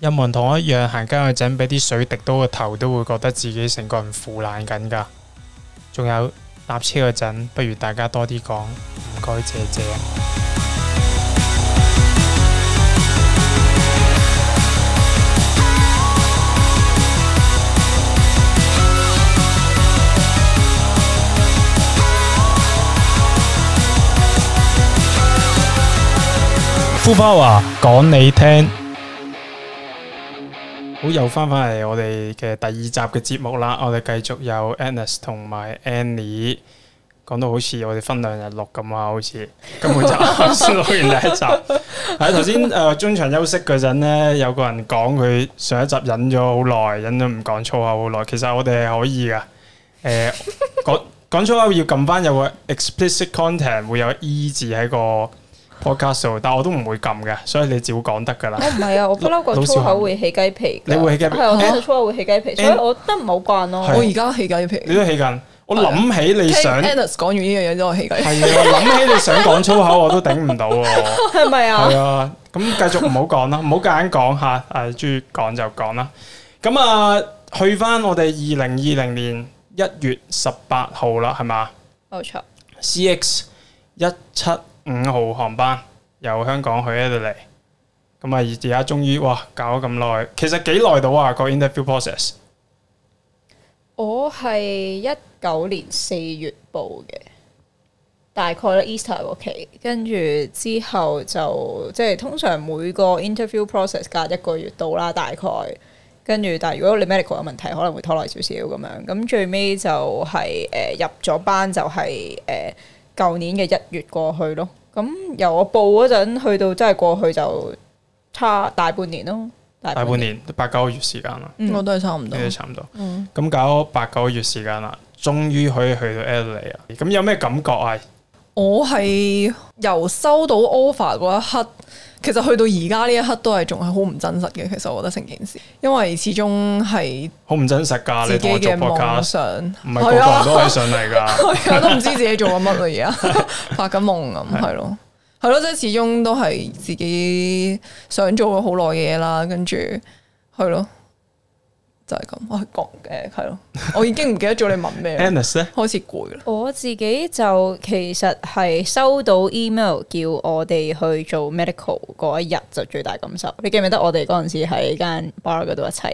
有冇人同我一樣，行街嗰陣，俾啲水滴到個頭，都會覺得自己成個人腐爛緊㗎？仲有搭車嗰陣，不如大家多啲講，唔該，謝謝。呼包話講你聽。好，又翻返嚟我哋嘅第二集嘅節目啦，我哋繼續有 Anus 同埋 Annie，講到好似我哋分兩日錄咁啊，好似根本就。先錄完第一集，喺頭先誒中場休息嗰陣呢，有個人講佢上一集忍咗好耐，忍咗唔講粗口好耐，其實我哋係可以噶，誒講講粗口要撳翻有個 explicit content 會有 E 字喺個。podcast 但我都唔會撳嘅，所以你只會講得噶啦。我唔係啊，我不嬲，講粗口會起雞皮。你會起雞皮，啊、我講粗口會起雞皮，And 所以我得唔好慣咯。我而家起雞皮，你都起緊。我諗起你想，講完呢樣嘢之後起緊。係啊，諗起、啊、起你想講粗口， 我都頂唔到。係咪啊？係 啊，咁繼、啊、續唔好講啦，唔好夾硬講吓。誒，中意講就講啦。咁啊，去翻我哋二零二零年一月十八號啦，係嘛？冇錯錯。C X 一七。五號航班由香港去 Italy，咁啊，而家終於哇，搞咗咁耐，其實幾耐到啊個 interview process？我係一九年四月報嘅，大概咧 Easter 嗰期，跟住 之後就即係、就是，通常每個 interview process 隔一個月到啦，大概。跟住但係如果你 medical 有問題，可能會拖耐少少咁樣。咁最尾就係、是、誒、呃、入咗班就係、是、誒。呃舊年嘅一月過去咯，咁由我報嗰陣去到真係過去就差大半年咯，大半年，大半年八九個月時間啦，嗯、我都係差唔多，都差唔多。咁、嗯、搞八九個月時間啦，終於可以去到 d l 利啊！咁有咩感覺啊？我係由收到 offer 嗰一刻，其實去到而家呢一刻都係仲係好唔真實嘅。其實我覺得成件事，因為始終係好唔真實噶。你自己嘅夢想，唔係個個人都係上嚟噶、啊， 都唔知自己做緊乜嘢啊，發緊 夢咁，係咯，係咯，即係始終都係自己想做咗好耐嘅嘢啦，跟住係咯。就係咁，我講誒係咯，我已經唔記得咗你問咩？Anice 咧 開始攰啦。我自己就其實係收到 email 叫我哋去做 medical 嗰一日就最大感受。你記唔記得我哋嗰陣時喺間 bar 嗰度一齊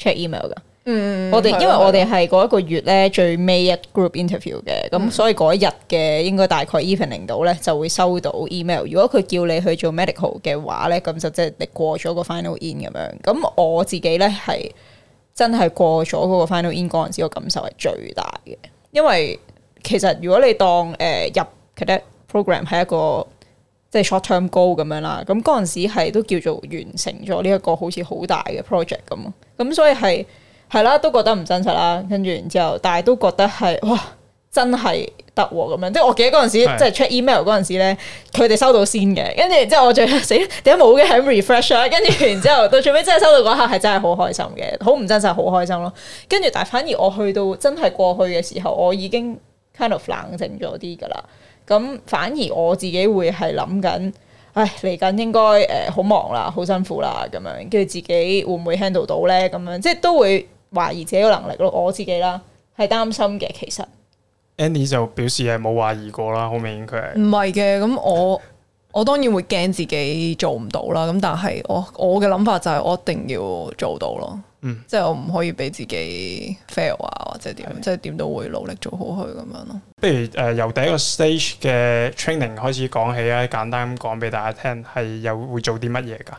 check email 噶？嗯，我哋因為我哋係嗰一個月咧最尾一 group interview 嘅，咁所以嗰一日嘅應該大概 evening 到咧就會收到 email。如果佢叫你去做 medical 嘅話咧，咁就即係你過咗個 final end 咁樣。咁我自己咧係。真係過咗嗰個 Final In 嗰陣時，個感受係最大嘅，因為其實如果你當誒、呃、入 cadet program 係一個即係 short term goal 咁樣啦，咁嗰陣時係都叫做完成咗呢一個好似好大嘅 project 咁，咁所以係係啦，都覺得唔真實啦，跟住然之後，但係都覺得係哇，真係。得喎，咁樣、嗯、即係我記得嗰陣時，是的 即係 check email 嗰陣時咧，佢哋收到先嘅，跟住、啊、之後我最死點解冇嘅，係 refresh，跟住然之後到最尾真係收到嗰刻，係真係好開心嘅，好唔真實，好開心咯。跟住但係反而我去到真係過去嘅時候，我已經 kind of 冷靜咗啲噶啦。咁反而我自己會係諗緊，唉嚟緊應該誒好忙啦，好辛苦啦，咁樣，跟住自己會唔會 handle 到咧？咁樣即係都會懷疑自己嘅能力咯。我自己啦，係擔心嘅，其實。Andy 就表示係冇懷疑過啦，好明顯佢唔係嘅。咁我 我當然會驚自己做唔到啦，咁但係我我嘅諗法就係我一定要做到咯，嗯，即係我唔可以俾自己 fail 啊，或者點樣，是的 即係點都會努力做好去咁樣咯。不如誒、呃，由第一個 stage 嘅 training 開始講起啊，簡單噉講俾大家聽係又會做啲乜嘢噶。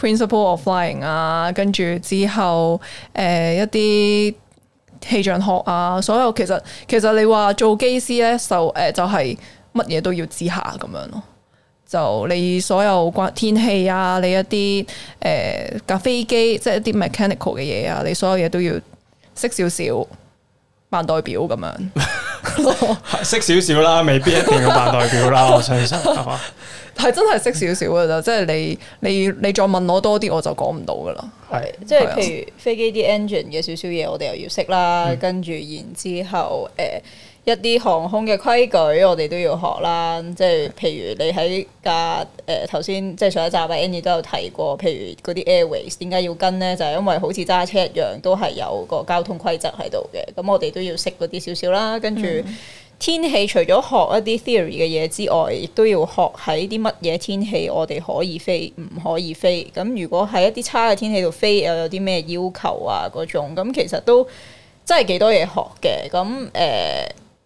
principle of flying 啊，跟住之後，誒、呃、一啲氣象學啊，所有其實其實你話做機師咧，就誒、呃、就係乜嘢都要知下咁樣咯，就你所有關天氣啊，你一啲誒架飛機即係、就是、一啲 mechanical 嘅嘢啊，你所有嘢都要識少少。扮代表咁樣， 識少少啦，未必一定要扮代表啦， 我相信係嘛，係 真係識少少噶咋，即係你你你再問我多啲，我就講唔到噶啦，係即係譬如飛機啲 engine 嘅少少嘢，我哋又要識啦，嗯、跟住然之後誒。呃一啲航空嘅規矩，我哋都要學啦。即係譬如你喺架誒頭先，即係上一集啊，Andy 都有提過。譬如嗰啲 airways 點解要跟呢？就係、是、因為好似揸車一樣，都係有個交通規則喺度嘅。咁我哋都要識嗰啲少少啦。跟住、嗯、天氣，除咗學一啲 theory 嘅嘢之外，亦都要學喺啲乜嘢天氣我哋可以飛，唔可以飛。咁如果喺一啲差嘅天氣度飛，又有啲咩要求啊？嗰種咁，其實都真係幾多嘢學嘅。咁誒。呃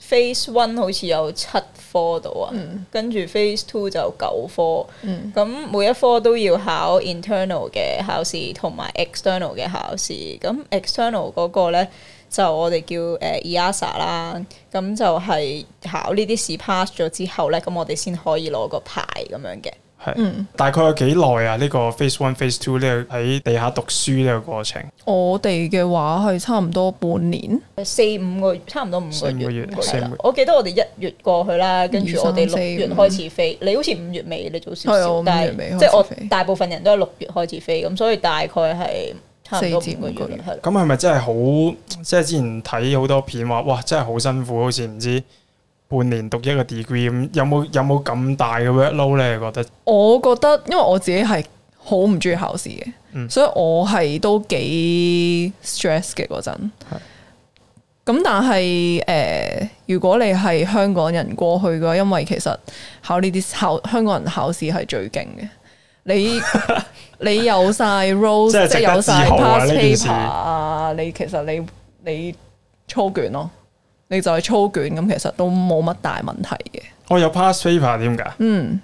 Phase one 好似有七科度啊，跟住 Phase two 就九科，咁、嗯、每一科都要考 internal 嘅考試同埋 external 嘅考試，咁 external 嗰個咧就我哋叫誒 EASA、uh，啦，咁就係考呢啲試 pass 咗之後咧，咁我哋先可以攞個牌咁樣嘅。係，是嗯、大概有幾耐啊？呢、這個 Phase One、Phase Two 呢、這個喺地下讀書呢個過程，我哋嘅話係差唔多半年，四五個月，差唔多五個月。我記得我哋一月過去啦，跟住我哋六月開始飛。2 2, 3, 4, 你好似五月尾你早少少，但係即係我大部分人都係六月開始飛，咁所以大概係差唔多五個月。係咁係咪真係好？即係之前睇好多片話，哇，真係好辛苦，好似唔知。半年讀一個 degree 咁，有冇有冇咁大嘅 workload 咧？你覺得？我覺得，因為我自己係好唔中意考試嘅，嗯、所以我係都幾 stress 嘅嗰陣。咁是但係誒、呃，如果你係香港人過去嘅，因為其實考呢啲考香港人考試係最勁嘅。你 你有晒 rose 即係、啊、有晒 past paper 啊！你其實你你操卷咯。你就去操卷咁，其實都冇乜大問題嘅。我有 pass paper 點解？嗯，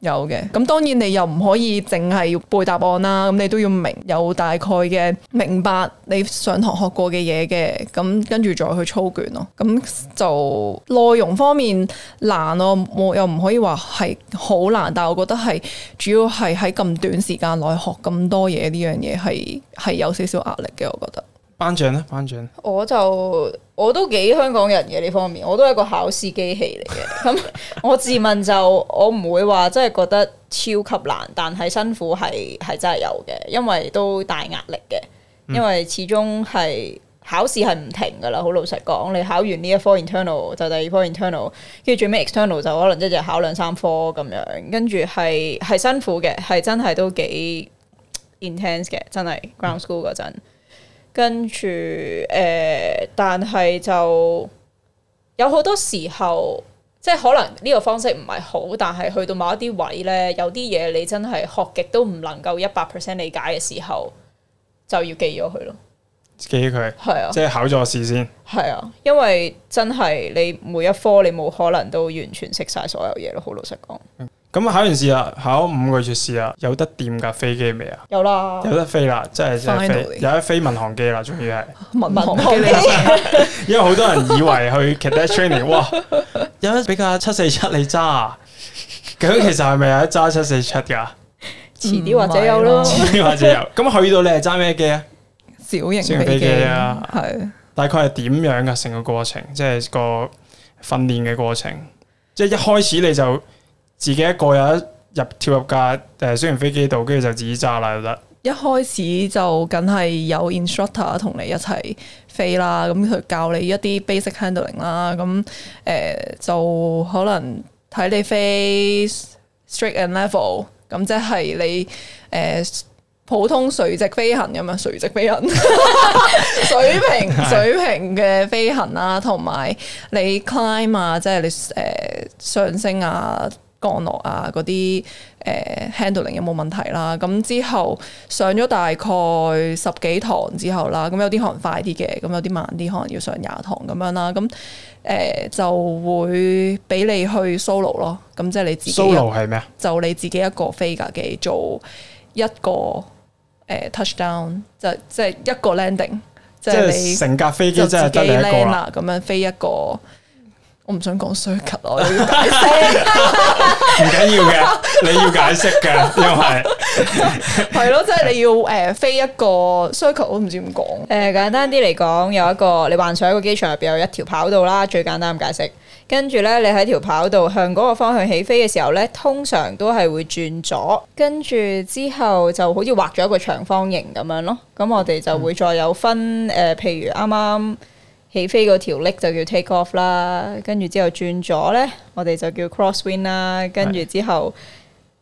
有嘅。咁當然你又唔可以淨係要背答案啦，咁你都要明，有大概嘅明白你上堂學過嘅嘢嘅。咁跟住再去操卷咯。咁就內容方面難咯，我又唔可以話係好難。但係我覺得係主要係喺咁短時間內學咁多嘢，呢樣嘢係係有少少壓力嘅，我覺得。班長咧，班長。我就我都幾香港人嘅呢方面，我都係個考試機器嚟嘅。咁、 嗯、我自問就我唔會話真係覺得超級難，但係辛苦係係真係有嘅，因為都大壓力嘅。因為始終係考試係唔停噶啦，好老實講，你考完呢一科 internal 就第二科 internal，跟住最尾 external 就可能即係考兩三科咁樣，跟住係係辛苦嘅，係真係都幾 intense 嘅，真係 ground school 嗰陣。嗯跟住誒、呃，但係就有好多時候，即係可能呢個方式唔係好，但係去到某一啲位咧，有啲嘢你真係學極都唔能夠一百 percent 理解嘅時候，就要記咗佢咯。記佢係啊，即係考咗試先係啊，因為真係你每一科你冇可能都完全識晒所有嘢咯，好老實講。嗯咁考完試啦，考五個月試啦，有得掂架飛機未啊？有啦了，有得飛啦，即係有得飛民航機啦，仲要係民航機 因為好多人以為去 cadet training 哇，有得比較七四七你揸、啊，咁其實係咪有得揸七四七噶？遲啲 或者有咯，遲啲或者有。咁 去到你係揸咩機啊？小型飛機啊，係的。大概係點樣噶？成個過程，即係個訓練嘅過程，即係一開始你就。自己一個人入跳入架，誒雖然飛機度，跟住就自己揸啦，就得。一開始就梗係有 instructor 同你一齊飛啦，咁佢教你一啲 basic handling 啦，咁誒就可能睇你飛 straight and level，咁即係你誒普通垂直飛行咁樣，垂直飛行水平水平嘅飛行啦，同埋你 climb 啊，即係你誒上升啊。降落啊，嗰啲誒、呃、handling 有冇問題啦？咁之後上咗大概十幾堂之後啦，咁有啲可能快啲嘅，咁有啲慢啲，可能要上廿堂咁樣啦。咁誒、呃、就會俾你去 solo 咯，咁即係你自己 solo 係咩？就你自己一個飛架機做一個誒、呃、touchdown，就即係一個 landing，即係你成架飛機就自己 land 啦，咁樣飛一個。我唔想講 circuit，我要解釋。唔緊要嘅，你要解釋嘅，又係係咯，即 係、 就是、你要誒、呃、飛一個 circuit，我唔知點講。誒、呃，簡單啲嚟講，有一個你幻想一個機場入邊有一條跑道啦，最簡單咁解釋。跟住咧，你喺條跑道向嗰個方向起飛嘅時候咧，通常都係會轉左，跟住之後就好似畫咗一個長方形咁樣咯。咁我哋就會再有分誒、呃，譬如啱啱。起飛嗰條 link 就叫 take off 啦，跟住之後轉咗咧，我哋就叫 cross wind 啦，跟住之後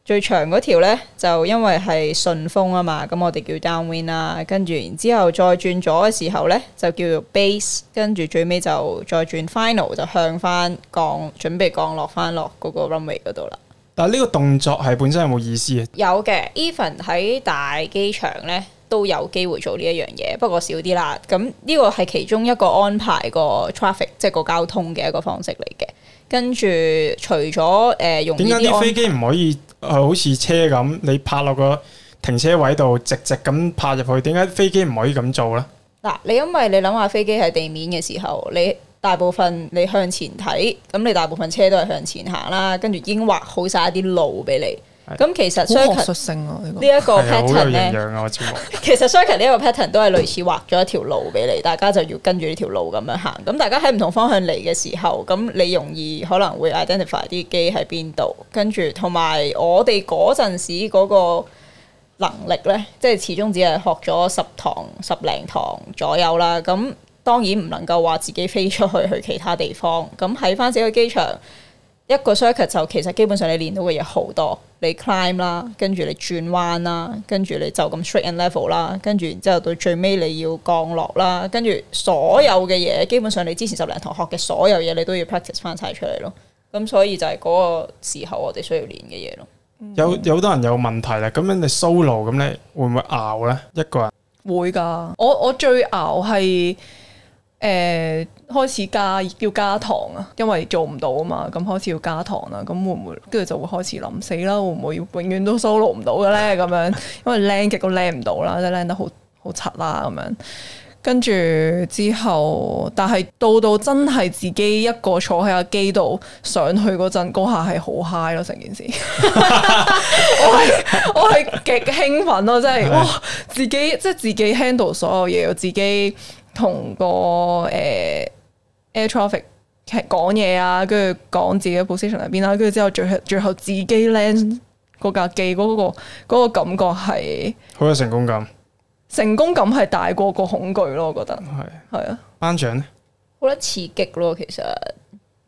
最長嗰條咧就因為係順風啊嘛，咁我哋叫 down wind 啦，跟住然之後再轉咗嘅時候咧就叫做 base，跟住最尾就再轉 final 就向翻降準備降落翻落嗰個 runway 嗰度啦。但係呢個動作係本身有冇意思啊？有嘅，even 喺大機場咧。都有機會做呢一樣嘢，不過少啲啦。咁呢個係其中一個安排個 traffic，即係個交通嘅一個方式嚟嘅。跟住除咗誒、呃、用點解啲飛機唔可以、嗯、好似車咁，你泊落個停車位度，直直咁泊入去？點解飛機唔可以咁做呢？嗱，你因為你諗下飛機喺地面嘅時候，你大部分你向前睇，咁你大部分車都係向前行啦，跟住已經畫好晒一啲路俾你。咁、嗯嗯、其實、啊，好學術性呢一個 pattern 咧，其實，呢一個 pattern 都係類似畫咗一條路俾你，大家就要跟住呢條路咁樣行。咁大家喺唔同方向嚟嘅時候，咁你容易可能會 identify 啲機喺邊度，跟住同埋我哋嗰陣時嗰個能力呢，即係始終只係學咗十堂十零堂左右啦。咁當然唔能夠話自己飛出去去其他地方。咁喺翻自己機場。一個 circuit 就其實基本上你練到嘅嘢好多，你 climb 啦，跟住你轉彎啦，跟住你就咁 straight and level 啦，跟住然之後到最尾你要降落啦，跟住所有嘅嘢基本上你之前十零堂學嘅所有嘢你都要 practice 翻晒出嚟咯，咁所以就係嗰個時候我哋需要練嘅嘢咯。有有好多人有問題啦，咁樣你 solo 咁你會唔會熬咧？一個人會噶，我我最熬係誒。呃開始加要加糖啊，因為做唔到啊嘛，咁開始要加糖啦，咁會唔會跟住就會開始諗死啦？會唔會永遠都 solo 唔到嘅咧？咁樣，因為靚極都靚唔到啦，即係靚得好好柒啦，咁樣。跟住之後，但係到到真係自己一個坐喺阿機度上去嗰陣，嗰下係好嗨 i 咯，成件事。 我係我係極興奮咯，即係哇！自己即係自己 handle 所有嘢，我自己同個誒。欸 Air traffic，講嘢啊，跟住講自己嘅 position 喺邊啦，跟住之後，最後最後自己 land 架機嗰個嗰個感覺係好有成功感，成功感係大過個恐懼咯，我覺得係係啊，的班長咧好得刺激咯，其實。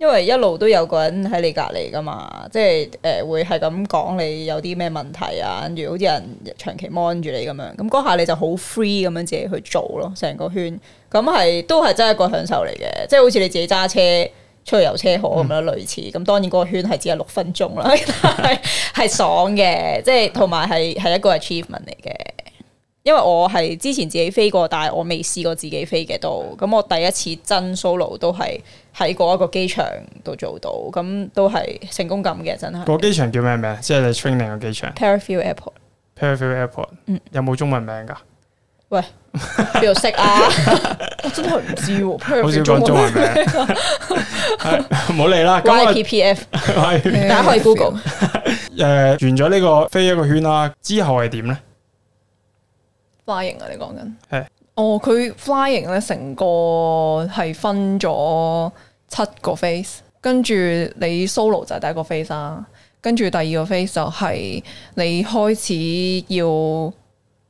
因為一路都有個人喺你隔籬噶嘛，即係誒、呃、會係咁講，你有啲咩問題啊？跟住好似人長期望住你咁樣，咁、那、嗰、個、下你就好 free 咁樣自己去做咯，成個圈咁係都係真係一個享受嚟嘅，即係好似你自己揸車出去游車河咁樣，類似，咁當然嗰個圈係只有六分鐘啦，但係係 爽嘅，即係同埋係係一個 achievement 嚟嘅。因為我係之前自己飛過，但係我未試過自己飛嘅都，咁我第一次真 solo 都係喺嗰一個機場度做到，咁都係成功感嘅真係。個機場叫咩名？即係你 training 個機場。Parafield Airport。Parafield Airport，嗯，有冇中文名噶？喂，邊度識啊？我真係唔知喎。好少講中文名。唔好理啦。I P P F，係，大家可以 Google。誒，完咗呢個飛一個圈啦，之後係點咧？Flying 啊，你講緊？係哦，佢 Flying 咧成個係分咗七個 phase，跟住你 solo 就係第一個 phase 啦，跟住第二個 phase 就係你開始要唔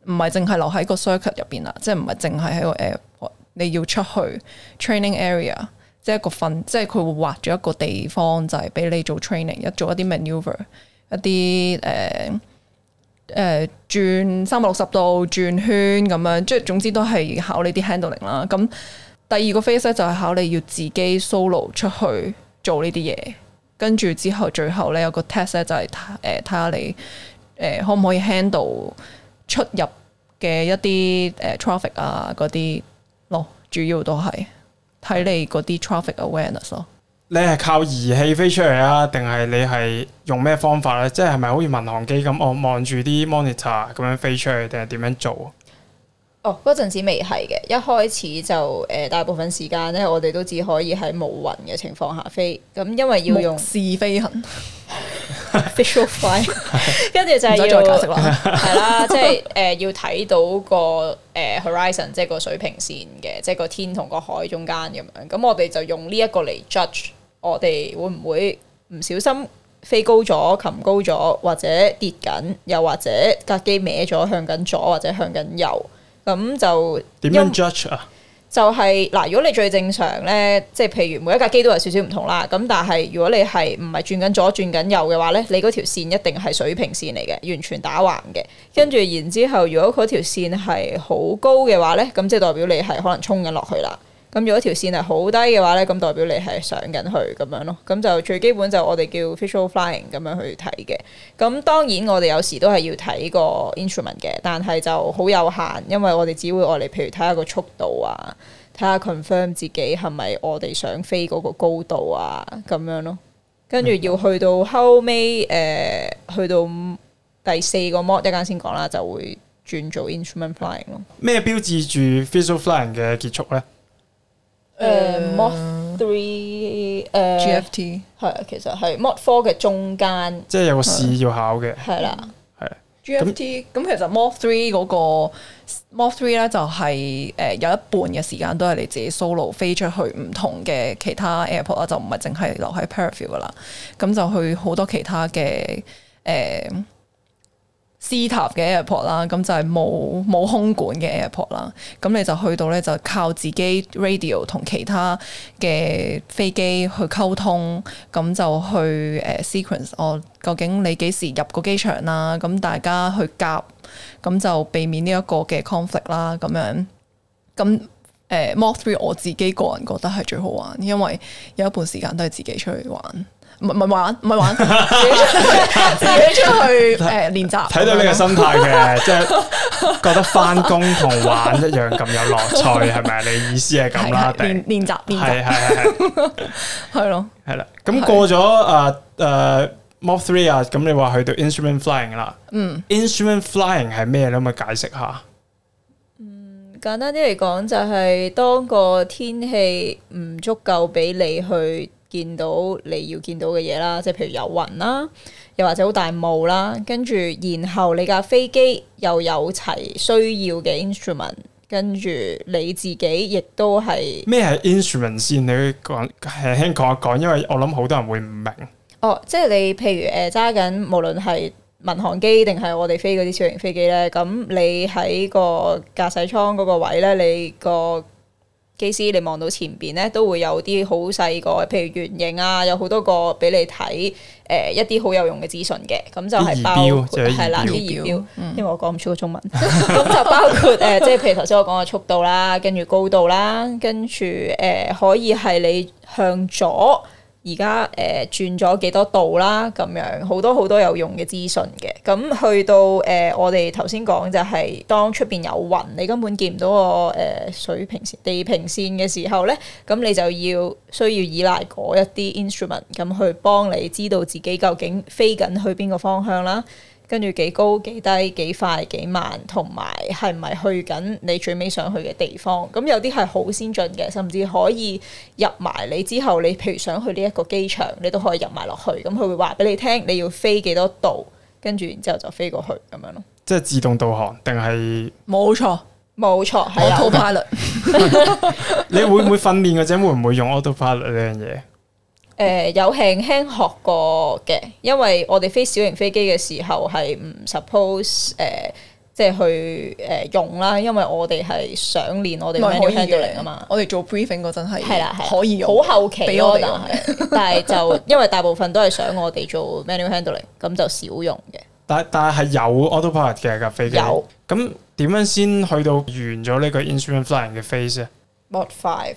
係淨係留喺個 circuit 入邊啦，即係唔係淨係喺個誒你要出去 training area，即係一個訓，即係佢會劃咗一個地方就係、是、俾你做 training，一做一啲 maneuver，一啲誒。呃誒、呃、轉三百六十度轉圈咁樣，即係總之都係考呢啲 handling 啦。咁第二個 phase 咧就係考你要自己 solo 出去做呢啲嘢，跟住之後最後咧有個 test 咧就係誒睇下你誒、呃、可唔可以 handle 出入嘅一啲誒、呃、traffic 啊嗰啲咯，主要都係睇你嗰啲 traffic awareness 咯。你係靠儀器飛出嚟啊？定係你係用咩方法咧？即係咪好似民航機咁，我望住啲 monitor 咁樣飛出去，定係點樣做？哦，嗰陣時未係嘅，一開始就誒、呃，大部分時間咧，我哋都只可以喺冇雲嘅情況下飛。咁因為要用目視飛行，visual flight 跟住就要係 啦，即係誒要睇到個誒、呃、horizon，即係個水平線嘅，即係個天同個海中間咁樣。咁我哋就用呢一個嚟 judge。我哋會唔會唔小心飛高咗、擒高咗，或者跌緊，又或者架機歪咗向緊左，或者向緊右，咁就點樣 judge 啊？就係、是、嗱，如果你最正常咧，即係譬如每一架機都有少少唔同啦。咁但係如果你係唔係轉緊左轉緊右嘅話咧，你嗰條線一定係水平線嚟嘅，完全打橫嘅。跟住然之後，後，如果嗰條線係好高嘅話咧，咁即係代表你係可能衝緊落去啦。咁如果條線係好低嘅話咧，咁代表你係上緊去咁樣咯。咁就最基本就我哋叫 visual flying 咁樣去睇嘅。咁當然我哋有時都係要睇個 instrument 嘅，但係就好有限，因為我哋只會我哋譬如睇下個速度啊，睇下 confirm 自己係咪我哋想飛嗰個高度啊咁樣咯。跟住要去到後尾誒、呃，去到第四個 mod，一係先講啦，就會轉做 instrument flying 咯。咩標誌住 visual flying 嘅結束咧？誒 mod three 誒 GFT 係其實係 mod four 嘅中間，即係有個試要考嘅。係啦的，係 GFT 咁其實 mod three 嗰個 mod three 咧就係、是、誒有一半嘅時間都係你自己 solo 飛出去唔同嘅其他 airport 啦，就唔係淨係留喺 Parafield 噶啦，咁就去好多其他嘅誒。呃斯塔嘅 airport 啦，咁就係冇冇空管嘅 airport 啦，咁你就去到咧就靠自己 radio 同其他嘅飛機去溝通，咁就去誒 sequence 我究竟你幾時入個機場啦，咁大家去夾，咁就避免呢一個嘅 conflict 啦，咁樣，咁誒 mod three 我自己個人覺得係最好玩，因為有一半時間都係自己出去玩。唔係玩，唔係玩，你出去誒練習。睇、呃、 到你嘅心態嘅，即係 覺得翻工同玩一樣咁有樂趣，係咪？ 你意思係咁啦？練練習，係系系係咯，係啦。咁過咗誒誒，Month Three 啊，咁的、uh, uh, 你話去到 Instrument Flying、嗯、Instrument Flying 啦。嗯，Instrument Flying 係咩？你可唔可以解釋下。嗯，簡單啲嚟講，就係當個天氣唔足夠俾你去。見到你要見到嘅嘢啦，即係譬如有雲啦，又或者好大霧啦，跟住然後你架飛機又有齊需要嘅 instrument，跟住你自己亦都係咩係 instrument 先？你講輕輕講一講，因為我諗好多人會唔明。哦，即係你譬如誒揸緊，無論係民航機定係我哋飛嗰啲小型飛機咧，咁你喺個駕駛艙嗰個位咧，你個，機師，你望到前邊咧，都會有啲好細個，譬如圓形啊，有好多個俾你睇，誒、呃，一啲好有用嘅資訊嘅，咁就係包括係、就是、啦啲儀表，因為儀表、儀表我講唔出個中文，咁、嗯、 就包括誒，即、呃、係譬如頭先我講嘅速度啦，跟住高度啦，跟住誒、呃，可以係你向左。而家誒轉咗幾多度啦，咁樣好多好多有用嘅資訊嘅。咁去到誒、呃、我哋頭先講就係、是、當出邊有雲，你根本見唔到個誒、呃、水平線、地平線嘅時候咧，咁你就要需要依賴嗰一啲 instrument 咁去幫你知道自己究竟飛緊去邊個方向啦。跟住幾高幾低幾快幾慢，同埋係唔係去緊你最尾想去嘅地方？咁有啲係好先進嘅，甚至可以入埋你之後，你譬如想去呢一個機場，你都可以入埋落去。咁佢會話俾你聽，你要飛幾多度，跟住然之後就飛過去咁樣囉。即係自動導航定係？冇錯，冇錯，Auto Pilot。你會唔會訓練嘅啫？會唔會用 Auto Pilot 呢樣嘢？誒、呃、有輕輕學過嘅，因為我哋飛小型飛機嘅時候係唔 suppose 誒、呃，即係去誒用啦。因為我哋係想練我哋 manual handling 啊嘛。我哋做 briefing 嗰陣係係啦，可以用好後期 order, 但係就因為大部分都係想我哋做 manual handling，咁就少用嘅 但但係係有 autopilot 嘅架飛機。有咁點樣先去到完咗呢個 instrument flying 嘅 phase？About five。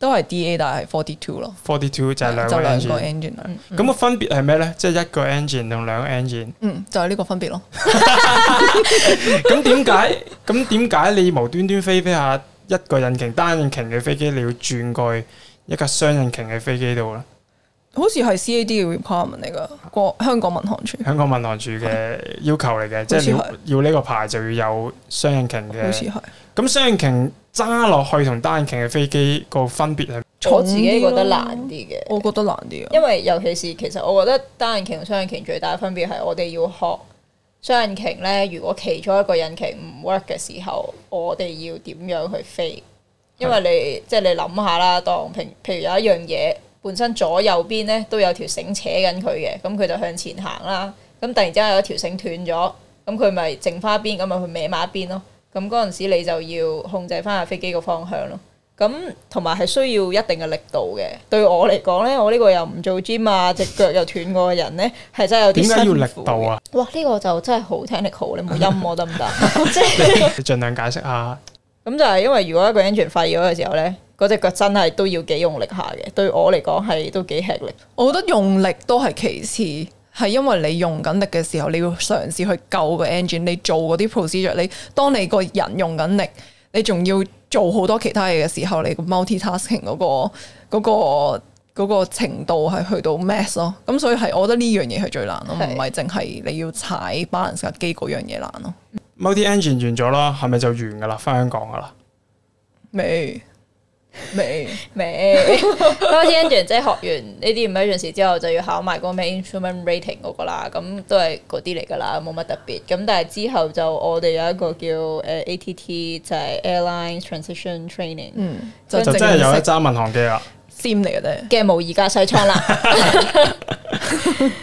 都係 D A，但係 forty two 咯，forty two 就係兩個 engine，就兩個 engine 咁啊，嗯、分別係咩咧？即、就、係、是、一個 engine 同兩個 engine。嗯，就係、是、呢個分別咯 咁點解？咁點解你無端端飛飛下一個引擎單引擎嘅飛機，你要轉去一架雙引擎嘅飛機度咧？好似係 C A D 嘅 requirement 嚟噶，國香港民航處，香港民航處嘅要求嚟嘅，即係要呢個牌就要有雙引擎嘅。好似係咁雙引擎。揸落去同單引擎嘅飛機個分別係我自己覺得難啲嘅，我覺得難啲啊。因為尤其是其實，我覺得單引擎同雙引擎最大分別係我哋要學雙引擎咧。如果其中一個引擎唔 work 嘅時候，我哋要點樣去飛？因為你即係的你諗下啦，當平譬如有一樣嘢本身左右邊咧都有條繩扯緊佢嘅，咁佢就向前行啦。咁突然之間有一條繩斷咗，咁佢咪剩花一邊，咁咪去歪埋一邊咯。咁嗰陣時你就要控制翻下飛機個方向咯，咁同埋係需要一定嘅力度嘅。對我嚟講咧，我呢個又唔做 gym 啊，隻腳又斷過嘅人咧，係真係有啲。點解要力度啊？哇！呢個就真係好 technical，你冇音我得唔得？即係你盡量解釋下。咁就係因為如果一個 engine 廢咗嘅時候咧，嗰隻腳真係都要幾用力下嘅。對我嚟講係都幾吃力。我覺得用力都係其次。係因為你用緊力嘅時候，你要嘗試去救個 engine，你做嗰啲 procedure，你當你個人用緊力，你仲要做好多其他嘢嘅時候，你個 multi tasking 嗰個、嗰個、嗰個程度係去到 mess 咯。咁所以係，我覺得呢樣嘢係最難咯，唔係淨係你要踩 balance 機嗰樣嘢難咯。multi engine、嗯、完咗啦，係咪就完噶啦？翻香港噶啦？未。未未，嗰天 Angela 學完呢啲唔係陣時之後就要考埋嗰個咩 instrument rating 嗰個啦，咁都係嗰啲嚟噶啦，冇乜特別。咁但係之後就我哋有一個叫誒 ATT，就係 airline transition training，就、嗯、就真係有一揸民航機啊，sim 嚟嘅都係嘅模擬駕駛艙啦。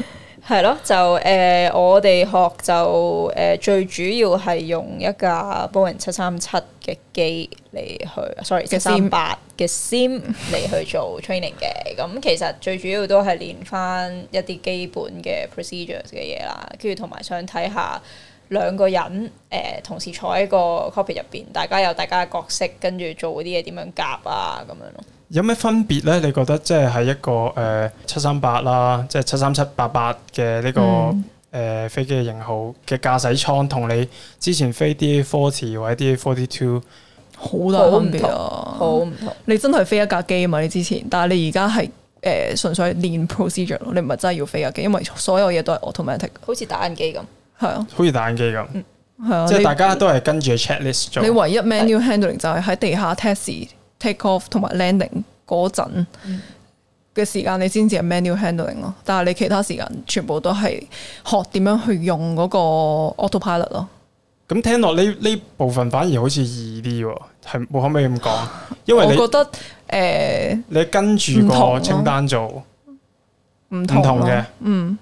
係咯，就誒、呃、我哋學就誒、呃、最主要係用一架 Boeing 七三七嘅機嚟去嘅 sim，sorry 七三八嘅 sim 嚟 去做 training 嘅。咁其實最主要都係練翻一啲基本嘅 procedures 嘅嘢啦，跟住同埋想睇下兩個人誒、呃、同時坐喺個 cockpit 入邊，大家有大家嘅角色，跟住做啲嘢點樣夾啊咁樣咯。有咩分別咧？你覺得即係喺一個誒七三八啦，即係七三七八八嘅呢個誒飛機嘅型號嘅駕駛艙，同你之前飛 DA40 或者 DA42 好大分別啊！好唔、嗯、同，你真係飛一架機啊嘛！你之前，但係你而家係誒純粹練 procedure 你唔係真係要飛架機，因為所有嘢都係 automatic，好似打緊機咁，係啊，好似打緊機咁，嗯，係啊，即係大家都係跟住 checklist 做你。你唯一 manual handling 就係喺地下 test。嗯嗯 Take off 同埋 landing 嗰陣嘅時間，你先至係 manual handling 咯。但係你其他時間全部都係學點樣去用嗰個 autopilot 咯。咁聽落呢呢部分反而好似易啲喎，係，我可唔可以咁講？因為你我覺得誒，呃、你跟住個清單做唔同嘅，同同嗯，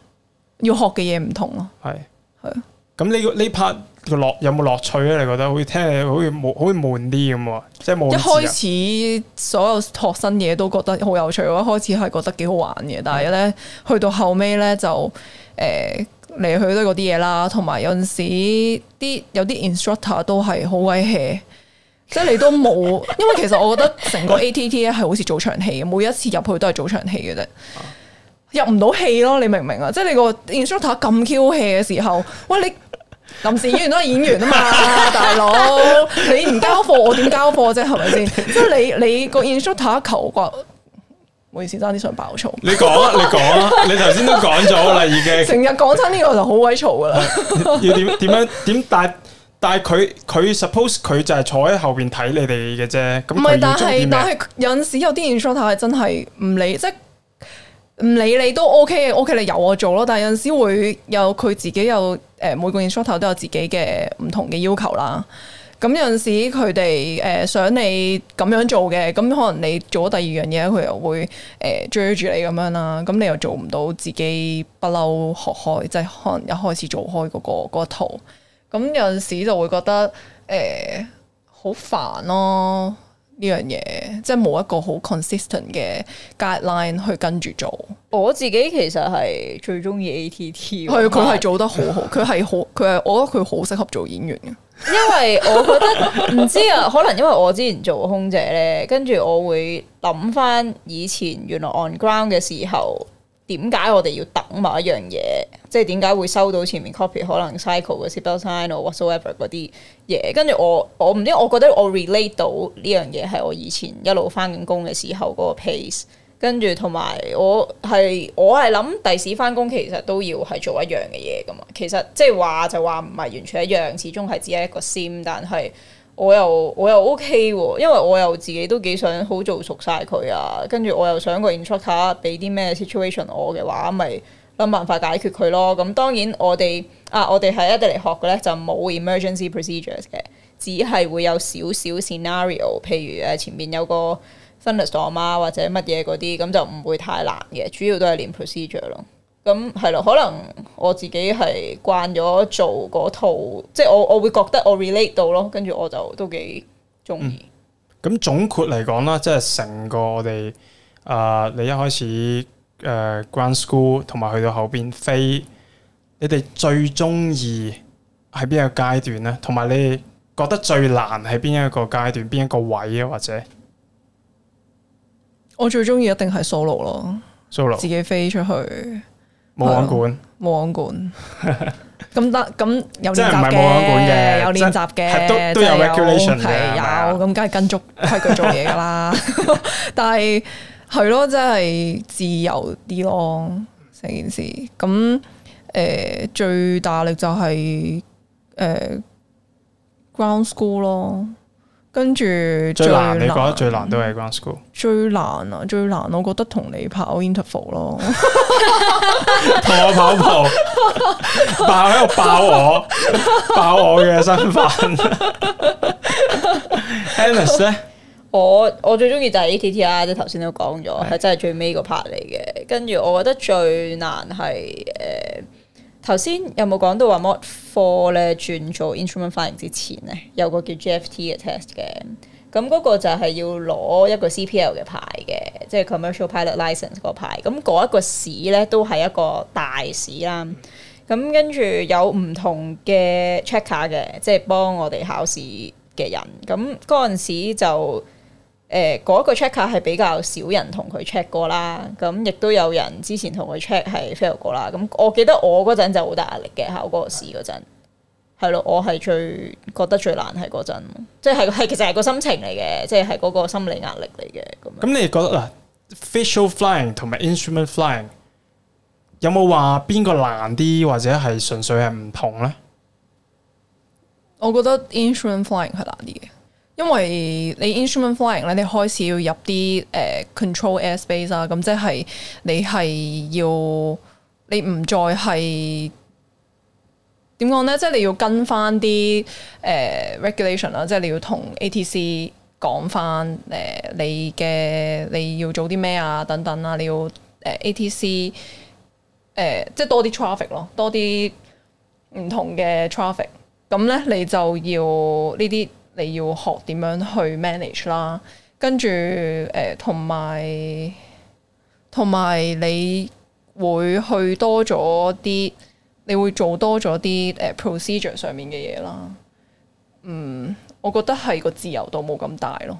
要學嘅嘢唔同咯，係係是。咁呢個呢 part？樂有冇樂趣咧？你覺得好似聽，好似冇，好似悶啲咁喎。即係冇。一開始所有學新嘢都覺得好有趣，一開始係覺得幾好玩嘅。但係咧，去到後尾咧就誒嚟、呃、去都嗰啲嘢啦。同埋有陣時啲有啲 instructor 都係好威氣，即係 你都冇。因為其實我覺得成個 A T T 咧係好似做場戲，每一次入去都係做場戲嘅啫，入唔到戲咯。你明唔明啊？即係你個 instructor 咁 Q 氣嘅時候，喂你。臨時演員都係演員啊嘛， 大佬，你唔交貨我點交貨啫，係咪先？即係你你個 insurer 求我，唔好意思爭啲想爆粗。你講啊，你講啊，你頭先都講咗啦，已 經成日講親呢個就好鬼嘈噶啦。 要點點樣點？但但係佢佢 suppose 佢就係坐喺後邊睇你哋嘅啫。咁唔係，但係但係有陣時有啲 insurer 係真係唔理，即係。唔理你都 OK，OK 你由我做咯。但係有陣時會有佢自己有誒、呃，每個人 short 頭都有自己嘅唔同嘅要求啦。咁、嗯、有陣時佢哋誒想你咁樣做嘅，咁、嗯、可能你做咗第二樣嘢，佢又會誒、呃、追住你咁樣啦。咁、嗯、你又做唔到自己不嬲學開，即係可能一開始做開嗰、那個嗰套。咁、那個嗯、有陣時就會覺得誒好煩咯。呢樣嘢，即係冇一個好 consistent 嘅 guideline 去跟住做。我自己其實係最中意 ATT，係佢係做得好好，佢係好，佢係，我覺得佢好適合做演員嘅。因為我覺得唔 知啊，可能因為我之前做空姐咧，跟住我會諗翻以前原來 on ground 嘅時候。點解我哋要等某一樣嘢？即係點解會收到前面 copy 可能 cycle 嘅 signal signal whatever 嗰啲嘢？跟住我，我唔知，我覺得我 relate 到呢樣嘢係我以前一路返緊工嘅時候嗰個 pace。跟住同埋我係我係諗第時返工其實都要係做一樣嘅嘢㗎嘛。其實即係話就話唔係完全一樣，始終係只係一個 SIM 但係。我又我又 OK 喎，因為我又自己都幾想好做熟晒佢啊，跟住我又想個 instructor 俾啲咩 situation，我嘅話咪諗辦法解決佢咯。咁、嗯、當然我哋啊，我哋喺一 d 嚟學嘅咧就冇 emergency procedures 嘅，只係會有少少 scenario，譬如誒前面有個 thunderstorm 啊或者乜嘢嗰啲，咁就唔會太難嘅，主要都係練 procedure 咯。咁係咯，可能我自己係慣咗做嗰套，即係我我會覺得我 relate 到咯，跟住我就都幾中意，嗯。咁總括嚟講啦，即係成個我哋啊、呃，你一開始誒、呃、ground school，同埋去到後邊飛，你哋最中意喺邊一個階段咧？同埋你覺得最難喺邊一個階段，邊一個位啊？或者我最中意一定係 solo 咯，solo 自己飛出去。冇王管，冇王管，咁得咁有練習嘅，有練習嘅，都都有 regulation 嘅，有咁梗係跟足規矩做嘢噶啦。 但係係咯，即係自由啲咯，成件事。咁誒、呃、最大力就係、是、誒、呃、ground school 咯。跟住最難，你覺得最難都係 ground school 最難啊？最難我覺得同你跑 interval 咯，同我跑跑，爆喺度爆我，爆我嘅身份 Hannah 咧，我我最中意就係 ETTR，即係頭先都講咗，係嗎真係最尾個 part 嚟嘅。跟住我覺得最難係誒。呃頭先有冇講到話 what 科咧轉做 instrument 翻嚟之前咧，有個叫 GFT 嘅 test 嘅，咁嗰個就係要攞一個 CPL 嘅牌嘅，即係 commercial pilot license 嗰牌。咁嗰一個市咧都係一個大市啦。咁跟住有唔同嘅 check 卡、er、嘅，即係幫我哋考試嘅人。咁嗰陣時就。誒嗰、欸嗰個 check 卡係比較少人同佢 check 過啦，咁亦都有人之前同佢 check 係 fail 過啦。咁我記得我嗰陣就好大壓力嘅，考嗰個試嗰陣，係咯，我係、嗯、最覺得最難係嗰陣，即係係其實係個心情嚟嘅，即係係嗰個心理壓力嚟嘅。咁你覺得嗱 visual flying 同埋 instrument flying 有冇話邊個難啲，或者係純粹係唔同咧？我覺得 instrument flying 係難啲嘅。因為你 instrument flying 咧，你開始要入啲誒、呃、control airspace 啊，咁即係你係要你唔再係點講咧？即係你要跟翻啲誒 regulation 啦，即係你要同 ATC 講返誒、呃、你嘅你要做啲咩啊，等等啊，你要誒、呃、ATC 誒、呃、即係多啲 traffic 咯，多啲唔同嘅 traffic，咁咧你就要呢啲。你要學點樣去 manage 啦，跟住誒同埋同埋你會去多咗啲，你會做多咗啲誒 procedure 上面嘅嘢啦。嗯，我覺得係個自由度冇咁大咯。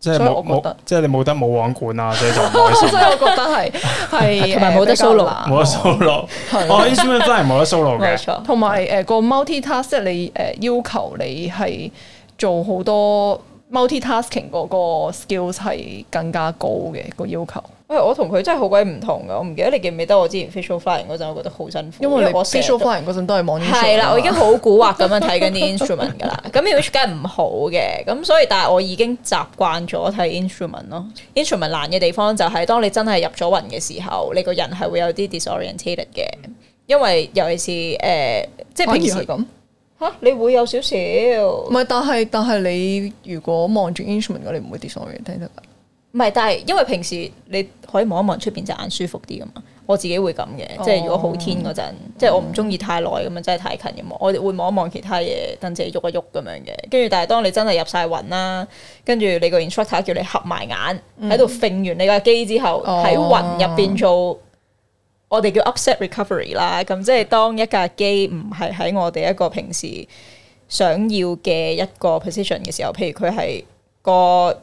即係冇冇，即係你冇得冇網管啊，即係就。所以我覺得係係同埋冇得 solo，冇得 solo。哦真係冇得 solo 嘅。冇錯。同埋誒個 multi task 即係你誒要求你係。做好多 multi-tasking 嗰個 skills 係更加高嘅，個要求。喂、哎，我同佢真係好鬼唔同嘅，我唔記得你記唔記得我之前 visual flying 嗰陣我覺得好辛苦。因為，因為我 visual flying 嗰陣都係望係啦，我已經 好古惑咁樣睇緊啲 instrument 噶啦。咁 i m 梗係唔好嘅，咁所以但係我已經習慣咗睇 instrument 咯。instrument 難嘅地方就係、是、當你真係入咗雲嘅時候，你個人係會有啲 disorientated 嘅，因為尤其是誒、呃，即係平時。啊、你會有少少，唔係，但係但係你如果望住 instrument 嗰，你唔會跌雙眼，聽得噶？唔係，但係因為平時你可以望一望出邊隻眼舒服啲噶嘛，我自己會咁嘅，哦、即係如果好天嗰陣、嗯，即係我唔中意太耐咁樣，真係太近嘅望，我會望一望其他嘢，等自己喐一喐咁樣嘅。跟住，但係當你真係入晒雲啦，跟住你個 instructor 叫你合埋眼喺度揈完你個機之後，喺雲入邊做。嗯嗯我哋叫 upset recovery 啦，咁即係當一架機唔係喺我哋一個平時想要嘅一個 position 嘅時候，譬如佢係個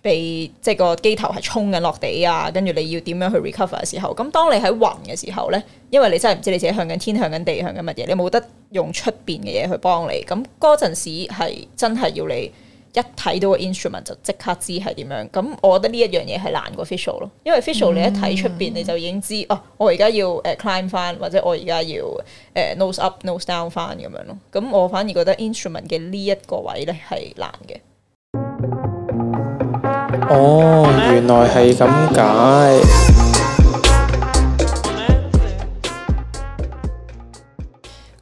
被即係個機頭係衝緊落地啊，跟住你要點樣去 recover 嘅時候，咁當你喺雲嘅時候咧，因為你真係唔知你自己向緊天、向緊地、向緊乜嘢，你冇得用出邊嘅嘢去幫你，咁嗰陣時係真係要你。一睇到個 instrument 就即刻知係點樣，咁我覺得呢一樣嘢係難過 visual 咯，因為 visual 你一睇出邊你就已經知哦、啊，我而家要誒、uh, climb 翻或者我而家要誒、uh, nose up nose down 翻咁樣咯，咁我反而覺得 instrument 嘅呢一個位咧係難嘅。哦，原來係咁解。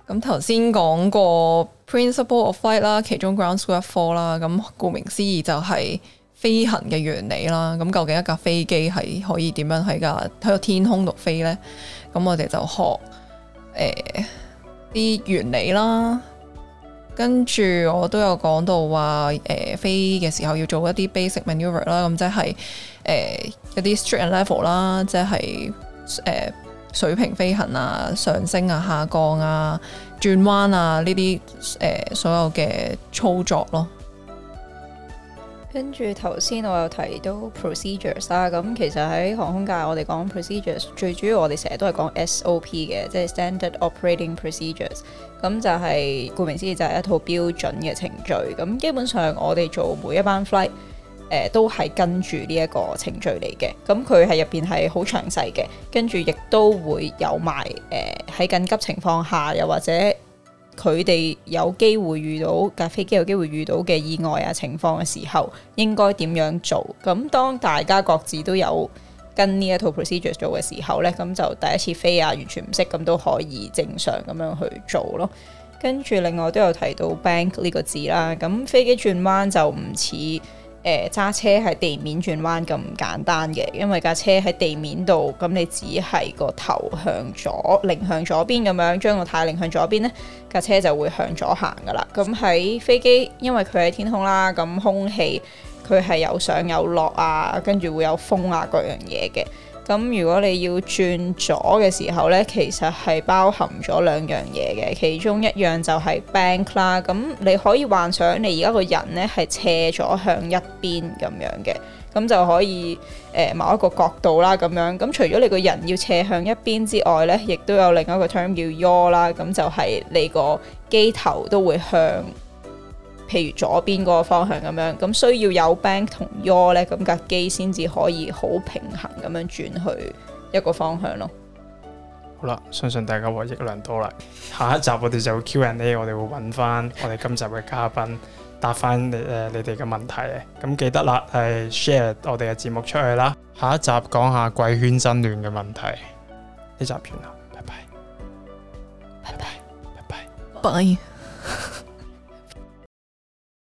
咁頭先講過。principle of flight 啦，其中 ground school 一科啦，咁顧名思義就係飛行嘅原理啦。咁究竟一架飛機係可以點樣喺架喺個天空度飛呢？咁我哋就學誒啲、呃、原理啦。跟住我都有講到話誒、呃、飛嘅時候要做一啲 basic maneuver 啦，咁、呃、即係誒一啲 straight and level 啦，即係誒。水平飛行啊、上升啊、下降啊、轉彎啊，呢啲誒所有嘅操作咯。跟住頭先我有提到 procedures 啦，咁其實喺航空界我哋講 procedures，最主要我哋成日都係講 SOP 嘅，即係 standard operating procedures。咁就係顧名思義，就係一套標準嘅程序。咁基本上我哋做每一班 flight。誒都係跟住呢一個程序嚟嘅，咁佢喺入邊係好詳細嘅，跟住亦都會有埋誒喺緊急情況下，又或者佢哋有機會遇到架飛機有機會遇到嘅意外啊情況嘅時候，應該點樣做？咁當大家各自都有跟呢一套 procedures 做嘅時候呢，咁就第一次飛啊，完全唔識咁都可以正常咁樣去做咯。跟住另外都有提到 bank 呢個字啦，咁飛機轉彎就唔似。揸車喺地面轉彎咁簡單嘅，因為架車喺地面度，咁你只係個頭向左，擰向左邊咁樣，將個軚擰向左邊咧，架車就會向左行噶啦。咁喺飛機，因為佢喺天空啦，咁空氣佢係有上有落啊，跟住會有風啊各樣嘢嘅。咁如果你要轉左嘅時候呢，其實係包含咗兩樣嘢嘅，其中一樣就係 bank 啦。咁你可以幻想你而家個人呢係斜咗向一邊咁樣嘅，咁就可以誒、呃、某一個角度啦咁樣。咁除咗你個人要斜向一邊之外呢，亦都有另一個 term 叫 yaw 啦，咁就係你個機頭都會向。譬如左邊嗰個方向咁樣，咁需要有 bank 同 yaw 咧，咁架機先至可以好平衡咁樣轉去一個方向咯。好啦，相信大家獲益良多啦。下一集我哋就會 Q&A，我哋會揾翻我哋今集嘅嘉賓 答翻你誒你哋嘅問題嘅。咁記得啦，係 share 我哋嘅節目出去啦。下一集講下貴圈真亂嘅問題。呢集完啦，拜拜，拜拜，拜拜 b